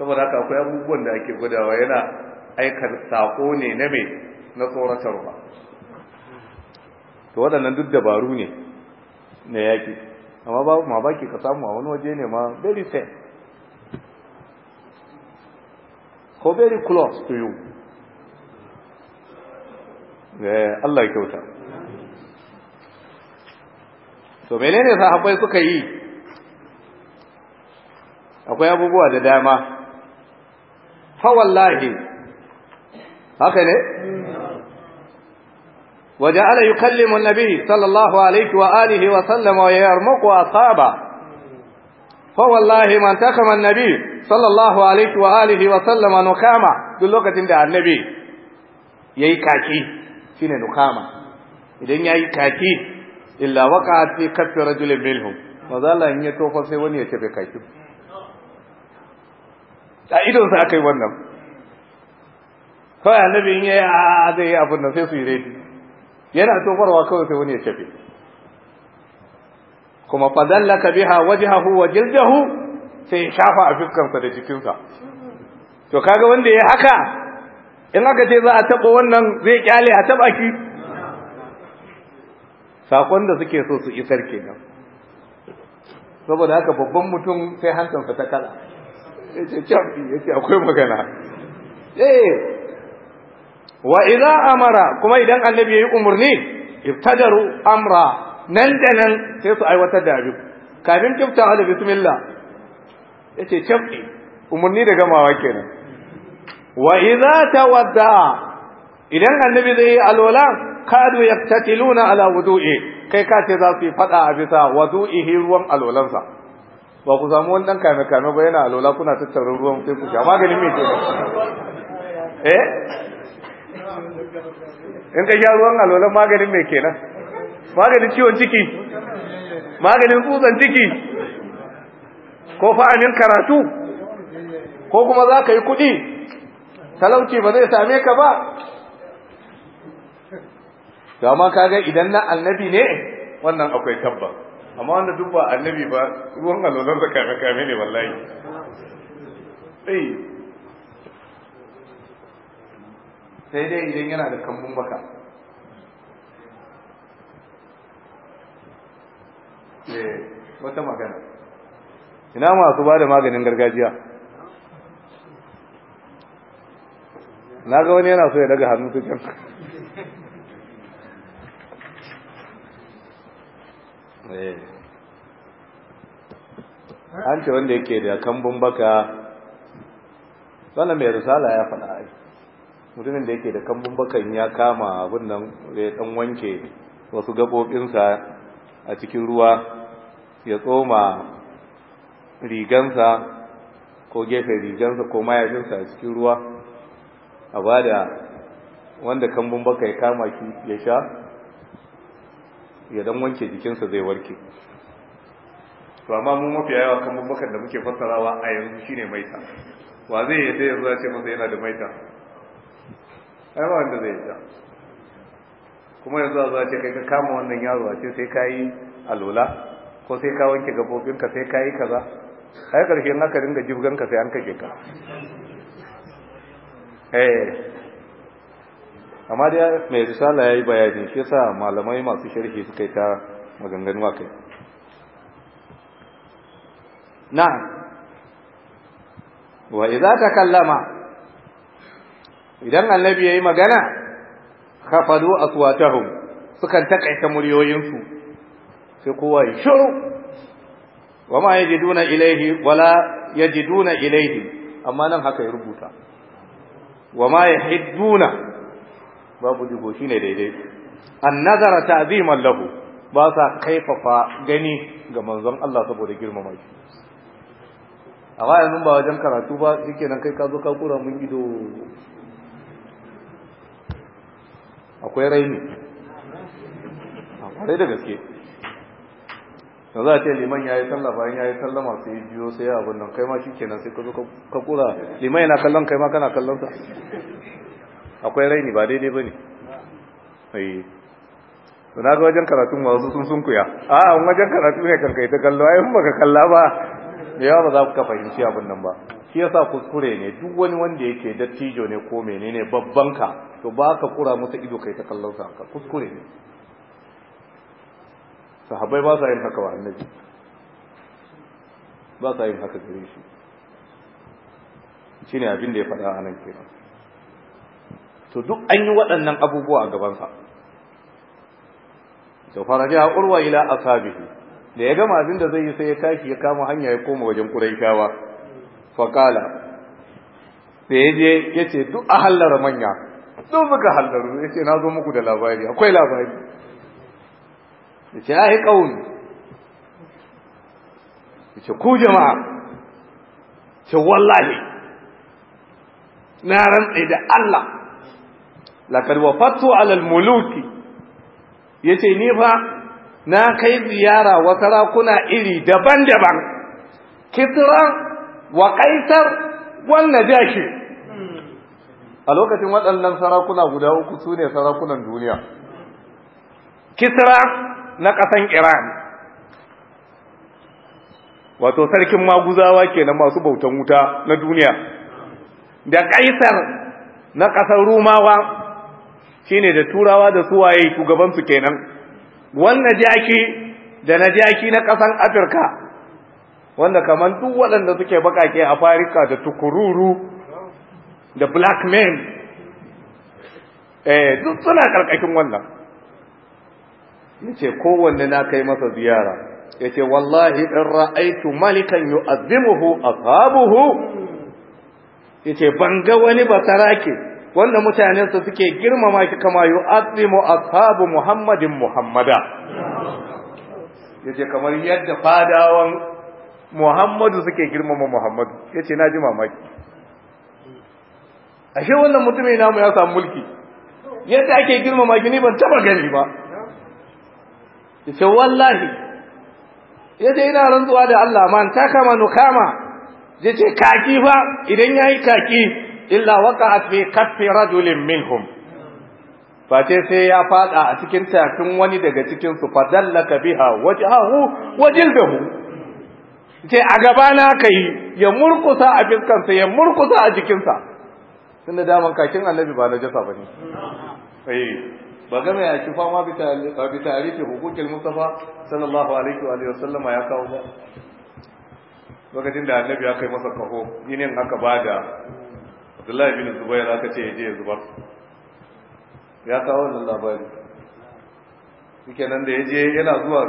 saboda haka akwai abubuwan da ake gudawa yana aikar sako ne na mai na tsoratarwa to waɗannan duk dabaru ne na yaƙi amma ba ma baki ka samu a wani waje ne ma very safe ko very close to you eh Allah ya kauta to menene akwai suka yi akwai abubuwa da dama fa wallahi haka ne waje ana yukallimu annabi sallallahu alaihi wa alihi wa sallama wa yarmuqu asaba فوالله man تخم النبي sallallahu alaihi عليه wa sallama nukama duk lokacin da annabi كاكي kaki shine idan yayi kaki illa waqa'at fi kaffi rajulin minhum mazalla in ya tofa sai wani ya tafi kaki a idon sa akai wannan kawai annabi in yayi a zai yi abin nan sai su yi redi yana tofarwa kawai sai wani ya tafi kuma fadallaka biha wajhahu wa jildahu sai ya shafa a da jikinsa to kaga wanda ya haka in aka ce za a taba wannan zai kyale a taba ki sakon da suke so su isar kenan saboda haka babban mutum sai hantansa ta kala yace Ya yace akwai magana eh wa idza amara kuma idan annabi yayi umurni ibtadaru amra nan da nan sai su aiwatar da abin kafin kifta hada bismillah yace cafi umarni da gamawa kenan wa idza tawadda idan annabi zai yi alwala kadu yaktatiluna ala wudu'i kai ka ce za su yi fada a bisa wudu'ihi ruwan alwalansa ba ku samu wani dan kame kame ba yana alwala kuna tattara ruwan sai ku sha maganin me kenan eh in ka sha ruwan alolan maganin me kenan maganin ciwon ciki maganin tsutsan ciki ko fa'anin karatu ko kuma za ka yi kuɗi talauci ba zai same ka ba dama kaga idan na annabi ne wannan akwai tabba amma wanda duk ba annabi ba ruwan alolar da kame kame ne wallahi sai dai idan yana da kambun baka Eh, wata magana ina masu ba da maganin gargajiya na ga wani yana so ya daga hannu su eh. an ce wanda yake da kambun baka wannan mai risala ya faɗa ai mutumin da yake da kambun bakan ya kama abin nan zai dan wanke wasu gaɓoɓinsa a cikin ruwa ya tsoma rigansa ko gefe rigansa ko mayafinsa a cikin ruwa a ba da wanda kambun baka ya kama shi ya sha ya don wanke jikinsa zai warke to amma mun mafi yawa kambun bakan da muke fassarawa a yanzu shine maita wa zai yi yanzu zuwa ce masa yana da maita ai ba wanda zai yadda kuma yanzu a zuwa ce kai ka kama wannan yaro a ce sai ka yi alola ko sai ka wanke gaɓoɓinka sai ka yi kaza ai ƙarshe in aka dinga jibganka sai an kake ka eh. amma da mai risala ya yi bayani shi sa malamai masu sharhi suka yi ta maganganu a kai na wa idza takallama idan annabi yayi magana khafadu asuwatahu, sukan takaita muryoyinsu sai kowa ya shiru wa ma yajiduna ilaihi wala yajiduna ilaihi amma nan haka ya rubuta wa ma yahidduna babu digo shine daidai an nazara ta'ziman lahu ba sa kaifafa gani ga manzon Allah saboda girmama shi amma yanzu ba wajen karatu ba shikenan kai ka zo ka kura mun ido akwai raini akwai da gaske ka za a ce liman ya yi sallah bayan ya yi tallama sai yi biyo sai a abin nan kai ma shi kenan sai ka zo ka kura liman yana kallon kai ma kana kallon sa akwai raini ba daidai ba ne eh. to na ga wajen karatun wasu sun kuya a wajen karatu ne kan kai ta kallo ai in baka kalla ba da yawa ba za ka fahimci abin nan ba shi yasa kuskure ne duk wani wanda yake dattijo ne ko menene babban ka to ba ka kura masa ido kai ta kallon sa ka kuskure ne sahabbai ba sa yin haka wa annabi ba sa yin haka gare shi shine abin da ya faɗa a nan kenan to duk an yi waɗannan abubuwa a gabansa to faraja urwa ila asabihi da ya gama abin da zai yi sai ya tashi ya kama hanya ya koma wajen quraishawa fa qala sai ya je yace duk a hallar manya duk muka hallaru yace na zo muku da labari akwai labari yace ya yi ƙauni. yace ku jama'a ce wallahi na rantsa da Allah laqad wafattu ala al-muluki yace ni fa na kai ziyara wa sarakuna iri daban-daban kisra wa kaisar wannan jashi a lokacin waɗannan sarakuna guda uku sune sarakunan duniya kisra na ƙasan iran wato sarkin maguzawa kenan masu bautan wuta na duniya da kaisar na ƙasar rumawa shine da turawa da suwaye shugabansu kenan wannan jaki da na jaki na ƙasan afirka wanda kamar duk waɗanda suke baƙaƙe a farika da tukururu da black men eh duk suna ƙarƙashin wannan yace kowanne na kai masa ziyara yace wallahi in ra'aitu malikan yu'azzimuhu ashabuhu yace ban ga wani basarake wanda mutanen su suke girmama shi kama yu'azzimu asabu muhammadin muhammada yace kamar yadda fadawan muhammadu suke girmama muhammadu yace na ji mamaki ashe wannan mutumin namu ya samu mulki yadda ake girmama shi ni ban taba gani ba yace wallahi yace ina rantsuwa da Allah man kama. nukama yace kaki fa idan yayi kaki illa waqa'at fi kaffi rajulin minhum face sai ya fada a cikin tafin wani daga cikin su fadallaka biha wajhahu wajildahu ce a gaba ka kai ya murkusa a fiskansa ya murkusa a jikinsa tunda daman kakin annabi ba na jasa bane eh Ba ya bi tarihi ما بتعريف حقوق المصطفى alaihi الله wa sallama ya kawo ba. lokacin da annabi ya kai masa kaho yinin aka bada Abdullahi bin Zubair aka ce je zubar ya kawo wannan labari shike nan da yaje yana zuwa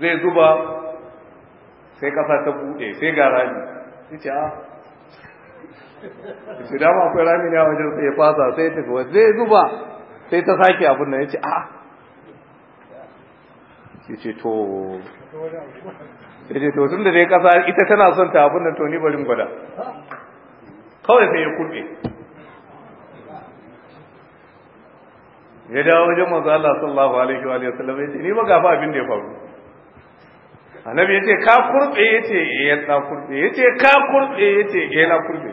zai zuba sai kasa ta bude sai ga rami yace a ah. shi dama akwai rami ne a wajen sai ya fasa sai ya tafi zai zuba sai ta sake abin nan ya ce a ah. ya ce to ya ce to tun da dai kasa ita tana son ta abin nan to ni barin gwada kawai sai ya kurbe ya dawo wajen manzo Allah sallallahu alaihi wa sallam ya ce ni ba gafa abin da ya faru annabi ya ce ka kurbe ya ce eh na kurbe ya ce ka kurbe ya ce eh na kurbe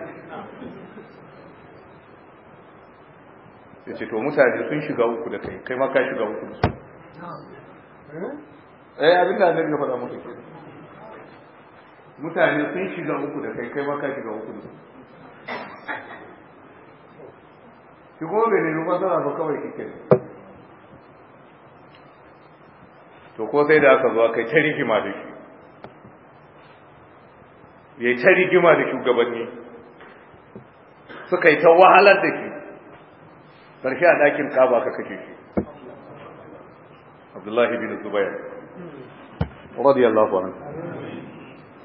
ya ce to mutane sun shiga uku da kai kai ma ka shiga uku da su eh, eh abin da annabi ya faɗa musu ke mutane sun shiga uku da kai kai ma ka shiga uku da su shi kuma bai nemi masana ba kawai kike to ko sai da aka zo kai ta rigima da shi ya ta rigima da shugabanni suka yi ta wahalar da shi karshe a ɗakin kaba ka kake shi abdullahi bin zubayar radiyallahu anhu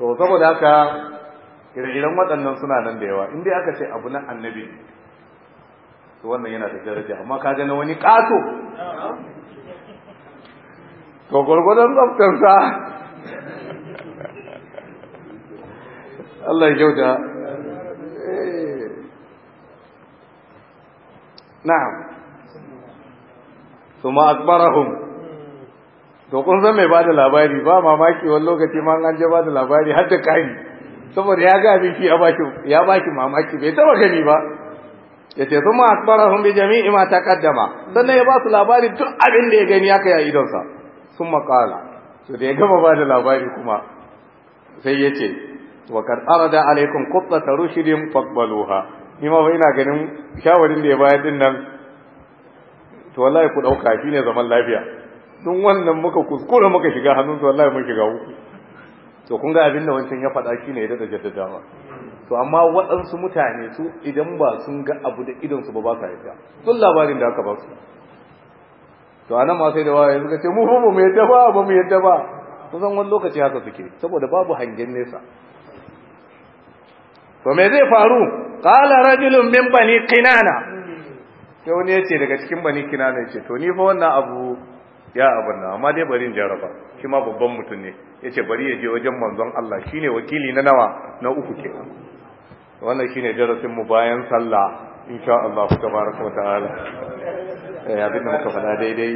so saboda haka ire-iren waɗannan suna nan da yawa inda aka ce abu na annabi to wannan yana da daraja amma ka gani wani ƙato to gwargwadon tsaftarsa Allah ya kyauta na'am thumma akbarahum to kun san mai bada labari ba mamaki wani lokaci ma an je bada labari har da kai saboda ya ga abin shi ya baki mamaki bai taba gani ba yace suma akbarahum bi jami'i ma taqaddama sannan ya ba su labari duk abin da ya gani ya kai a idon sa thumma qala to da ya gama bada labari kuma sai yace wa kad arada alaikum quttata rushidin faqbaluha ni ma ina ganin shawarin da ya bayar din nan to wallahi ku dauka shine zaman lafiya dun wannan muka kuskure muka shiga hannun to wallahi mun shiga uku to kun ga abin da wancan ya faɗa shine da da jaddadawa to amma waɗansu mutane su idan ba sun ga abu da idan su ba ba sa yadda sun labarin da aka ba su to anan ma sai da waye suka ce mu mu mu yadda ba ba mu yadda ba kusan wani lokaci haka suke saboda babu hangen nesa to me zai faru qala rajulun min bani kinana sai ne yace daga cikin bani kinana yace to ni fa wannan abu ya abin amma dai bari in jaraba shi ma babban mutum ne yace bari ya je wajen manzon Allah shine wakili na nawa na uku kenan wannan shine darasin mu bayan sallah insha Allah tabaraka wa eh abin da muka faɗa daidai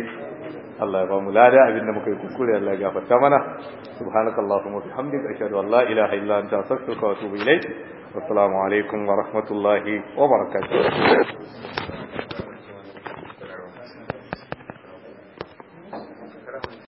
Allah ya ba mu lada da muka yi kuskure Allah ya gafarta mana subhanakallahumma wa bihamdika ashhadu an la ilaha illa anta astaghfiruka wa atubu ilayk Assalamualaikum warahmatullahi wabarakatuh.